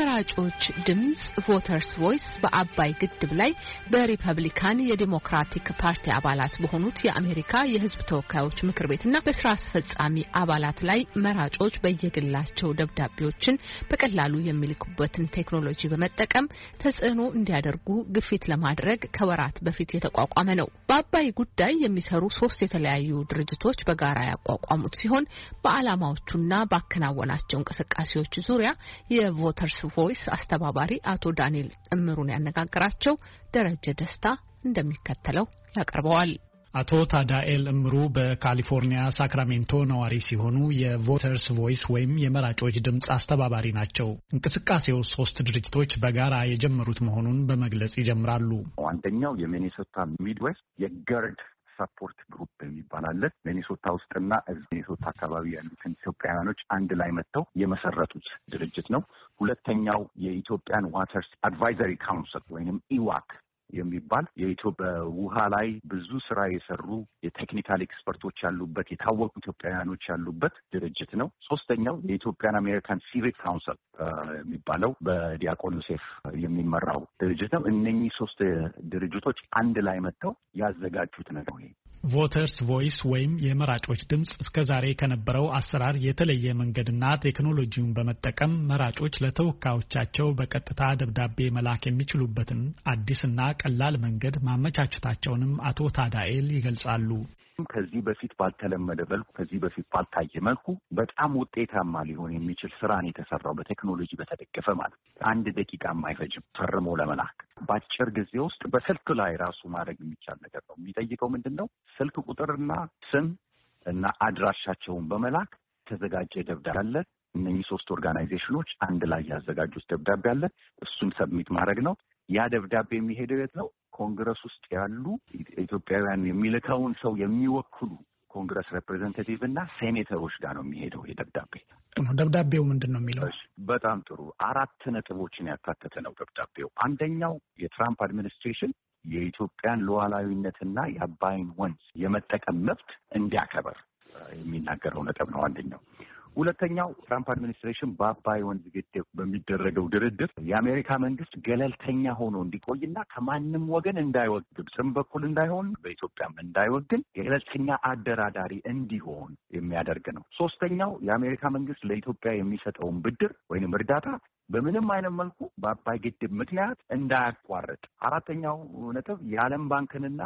የመራጮች ድምጽ ቮተርስ ቮይስ በአባይ ግድብ ላይ በሪፐብሊካን የዲሞክራቲክ ፓርቲ አባላት በሆኑት የአሜሪካ የሕዝብ ተወካዮች ምክር ቤትና በስራ አስፈጻሚ አባላት ላይ መራጮች በየግላቸው ደብዳቤዎችን በቀላሉ የሚልኩበትን ቴክኖሎጂ በመጠቀም ተጽዕኖ እንዲያደርጉ ግፊት ለማድረግ ከወራት በፊት የተቋቋመ ነው። በአባይ ጉዳይ የሚሰሩ ሶስት የተለያዩ ድርጅቶች በጋራ ያቋቋሙት ሲሆን በዓላማዎቹና ባከናወናቸው እንቅስቃሴዎች ዙሪያ የቮተርስ ቮይስ አስተባባሪ አቶ ዳንኤል ጥምሩን ያነጋግራቸው ደረጀ ደስታ እንደሚከተለው ያቀርበዋል። አቶ ታዳኤል እምሩ በካሊፎርኒያ ሳክራሜንቶ ነዋሪ ሲሆኑ የቮተርስ ቮይስ ወይም የመራጮች ድምፅ አስተባባሪ ናቸው። እንቅስቃሴው ሶስት ድርጅቶች በጋራ የጀመሩት መሆኑን በመግለጽ ይጀምራሉ። አንደኛው የሚኔሶታ ሚድዌስት የገርድ ሰፖርት ግሩፕ የሚባል አለ። ሚኒሶታ ውስጥና ሚኒሶታ አካባቢ ያሉትን ኢትዮጵያውያኖች አንድ ላይ መጥተው የመሰረቱት ድርጅት ነው። ሁለተኛው የኢትዮጵያን ዋተርስ አድቫይዘሪ ካውንስል ወይንም ኢዋክ የሚባል የኢትዮጵያ ውሃ ላይ ብዙ ስራ የሰሩ የቴክኒካል ኤክስፐርቶች ያሉበት የታወቁ ኢትዮጵያውያኖች ያሉበት ድርጅት ነው። ሶስተኛው የኢትዮጵያን አሜሪካን ሲቪክ ካውንስል የሚባለው በዲያቆን ዮሴፍ የሚመራው ድርጅት ነው። እነኚህ ሶስት ድርጅቶች አንድ ላይ መጥተው ያዘጋጁት ነገር ቮተርስ ቮይስ ወይም የመራጮች ድምፅ እስከ ዛሬ ከነበረው አሰራር የተለየ መንገድና ቴክኖሎጂውን በመጠቀም መራጮች ለተወካዮቻቸው በቀጥታ ደብዳቤ መላክ የሚችሉበትን አዲስና ቀላል መንገድ ማመቻቸታቸውንም አቶ ታዳኤል ይገልጻሉ። ከዚህ በፊት ባልተለመደ መልኩ ከዚህ በፊት ባልታየ መልኩ በጣም ውጤታማ ሊሆን የሚችል ስራን የተሰራው በቴክኖሎጂ በተደገፈ ማለት አንድ ደቂቃ አይፈጅም ፈርሞ ለመላክ በአጭር ጊዜ ውስጥ በስልክ ላይ ራሱ ማድረግ የሚቻል ነገር ነው። የሚጠይቀው ምንድን ነው? ስልክ ቁጥርና ስም እና አድራሻቸውን በመላክ የተዘጋጀ ደብዳቤ አለ። እነኚህ ሶስት ኦርጋናይዜሽኖች አንድ ላይ ያዘጋጁት ደብዳቤ አለ። እሱን ሰብሚት ማድረግ ነው። ያ ደብዳቤ የሚሄደው የት ነው? ኮንግረስ ውስጥ ያሉ ኢትዮጵያውያን የሚልከውን ሰው የሚወክሉ ኮንግረስ ሬፕሬዘንቴቲቭ እና ሴኔተሮች ጋር ነው የሚሄደው። የደብዳቤ ደብዳቤው ምንድን ነው የሚለው? በጣም ጥሩ አራት ነጥቦችን ያካተተ ነው ደብዳቤው። አንደኛው የትራምፕ አድሚኒስትሬሽን የኢትዮጵያን ሉዓላዊነትና የአባይን ወንዝ የመጠቀም መብት እንዲያከበር የሚናገረው ነጥብ ነው አንደኛው። ሁለተኛው ትራምፕ አድሚኒስትሬሽን በአባይ ወንዝ ግድብ በሚደረገው ድርድር የአሜሪካ መንግስት ገለልተኛ ሆኖ እንዲቆይና ከማንም ወገን እንዳይወግ ግብፅም በኩል እንዳይሆን በኢትዮጵያም እንዳይወግን የገለልተኛ አደራዳሪ እንዲሆን የሚያደርግ ነው። ሶስተኛው የአሜሪካ መንግስት ለኢትዮጵያ የሚሰጠውን ብድር ወይንም እርዳታ በምንም አይነት መልኩ በአባይ ግድብ ምክንያት እንዳያቋርጥ። አራተኛው ነጥብ የዓለም ባንክንና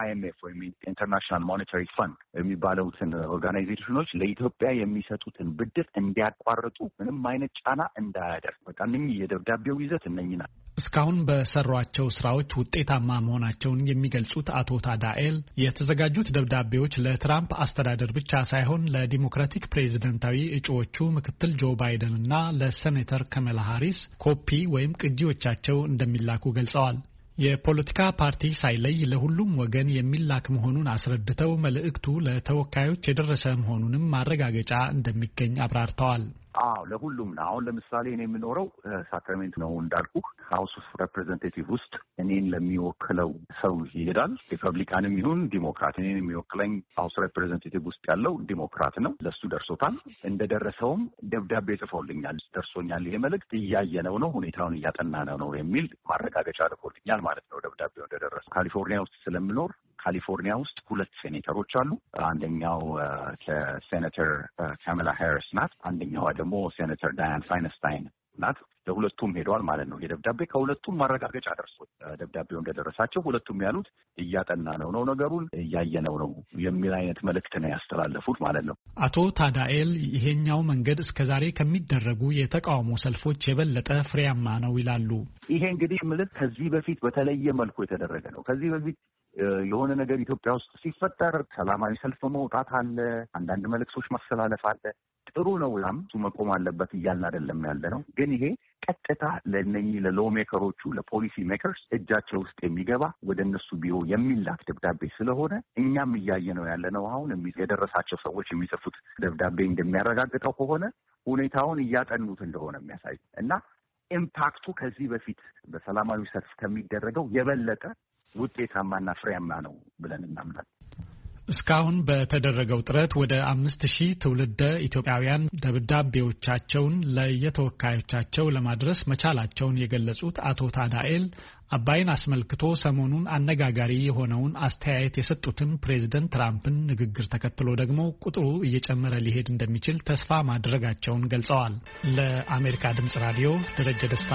አይኤምኤፍ ወይም ኢንተርናሽናል ሞኔታሪ ፈንድ የሚባለውትን ኦርጋናይዜሽኖች ለኢትዮጵያ የሚሰጡትን ብድር እንዲያቋርጡ ምንም አይነት ጫና እንዳያደርግ። በቃ እነኚህ የደብዳቤው ይዘት እነኝ ናቸው። እስካሁን በሰሯቸው ስራዎች ውጤታማ መሆናቸውን የሚገልጹት አቶ ታዳኤል የተዘጋጁት ደብዳቤዎች ለትራምፕ አስተዳደር ብቻ ሳይሆን ለዲሞክራቲክ ፕሬዝደንታዊ እጩዎቹ ምክትል ጆ ባይደን እና ለሴኔተር ከመላ ሃሪስ ኮፒ ወይም ቅጂዎቻቸው እንደሚላኩ ገልጸዋል። የፖለቲካ ፓርቲ ሳይለይ ለሁሉም ወገን የሚላክ መሆኑን አስረድተው መልእክቱ ለተወካዮች የደረሰ መሆኑንም ማረጋገጫ እንደሚገኝ አብራርተዋል። አዎ ለሁሉም ነው። አሁን ለምሳሌ እኔ የምኖረው ሳክራሜንት ነው እንዳልኩ ሀውስ ኦፍ ሬፕሬዘንቴቲቭ ውስጥ እኔን ለሚወክለው ሰው ይሄዳል። ሪፐብሊካንም ይሁን ዲሞክራት፣ እኔን የሚወክለኝ ሀውስ ሬፕሬዘንቴቲቭ ውስጥ ያለው ዲሞክራት ነው። ለሱ ደርሶታል። እንደደረሰውም ደብዳቤ ጽፎልኛል ደርሶኛል፣ ይሄ መልእክት እያየነው ነው፣ ሁኔታውን እያጠናነው ነው የሚል ማረጋገጫ ልኮልኛል ማለት ነው። ደብዳቤው እንደደረሰ ካሊፎርኒያ ውስጥ ስለምኖር ካሊፎርኒያ ውስጥ ሁለት ሴኔተሮች አሉ። አንደኛው ከሴኔተር ካማላ ሃሪስ ናት። አንደኛዋ ደግሞ ሴኔተር ዳያን ፋይንስታይን ናት። ለሁለቱም ሄደዋል ማለት ነው። የደብዳቤ ከሁለቱም ማረጋገጫ ደርሶት ደብዳቤው እንደደረሳቸው ሁለቱም ያሉት እያጠና ነው ነው ነገሩን እያየነው ነው የሚል አይነት መልእክት ነው ያስተላለፉት ማለት ነው። አቶ ታዳኤል ይሄኛው መንገድ እስከዛሬ ከሚደረጉ የተቃውሞ ሰልፎች የበለጠ ፍሬያማ ነው ይላሉ። ይሄ እንግዲህ ምልክ ከዚህ በፊት በተለየ መልኩ የተደረገ ነው። ከዚህ በፊት የሆነ ነገር ኢትዮጵያ ውስጥ ሲፈጠር ሰላማዊ ሰልፍ መውጣት አለ፣ አንዳንድ መልእክቶች ማስተላለፍ አለ። ጥሩ ነው። ያም እሱ መቆም አለበት እያልን አይደለም ያለ ነው። ግን ይሄ ቀጥታ ለእነኚህ ለሎ ሜከሮቹ ለፖሊሲ ሜከርስ እጃቸው ውስጥ የሚገባ ወደ እነሱ ቢሮ የሚላክ ደብዳቤ ስለሆነ እኛም እያየ ነው ያለ ነው። አሁን የደረሳቸው ሰዎች የሚጽፉት ደብዳቤ እንደሚያረጋግጠው ከሆነ ሁኔታውን እያጠኑት እንደሆነ የሚያሳይ እና ኢምፓክቱ ከዚህ በፊት በሰላማዊ ሰልፍ ከሚደረገው የበለጠ ውጤታማና ፍሬያማ ነው ብለን እናምናል። እስካሁን በተደረገው ጥረት ወደ አምስት ሺህ ትውልደ ኢትዮጵያውያን ደብዳቤዎቻቸውን ለየተወካዮቻቸው ለማድረስ መቻላቸውን የገለጹት አቶ ታዳኤል አባይን አስመልክቶ ሰሞኑን አነጋጋሪ የሆነውን አስተያየት የሰጡትን ፕሬዝደንት ትራምፕን ንግግር ተከትሎ ደግሞ ቁጥሩ እየጨመረ ሊሄድ እንደሚችል ተስፋ ማድረጋቸውን ገልጸዋል። ለአሜሪካ ድምጽ ራዲዮ ደረጀ ደስታ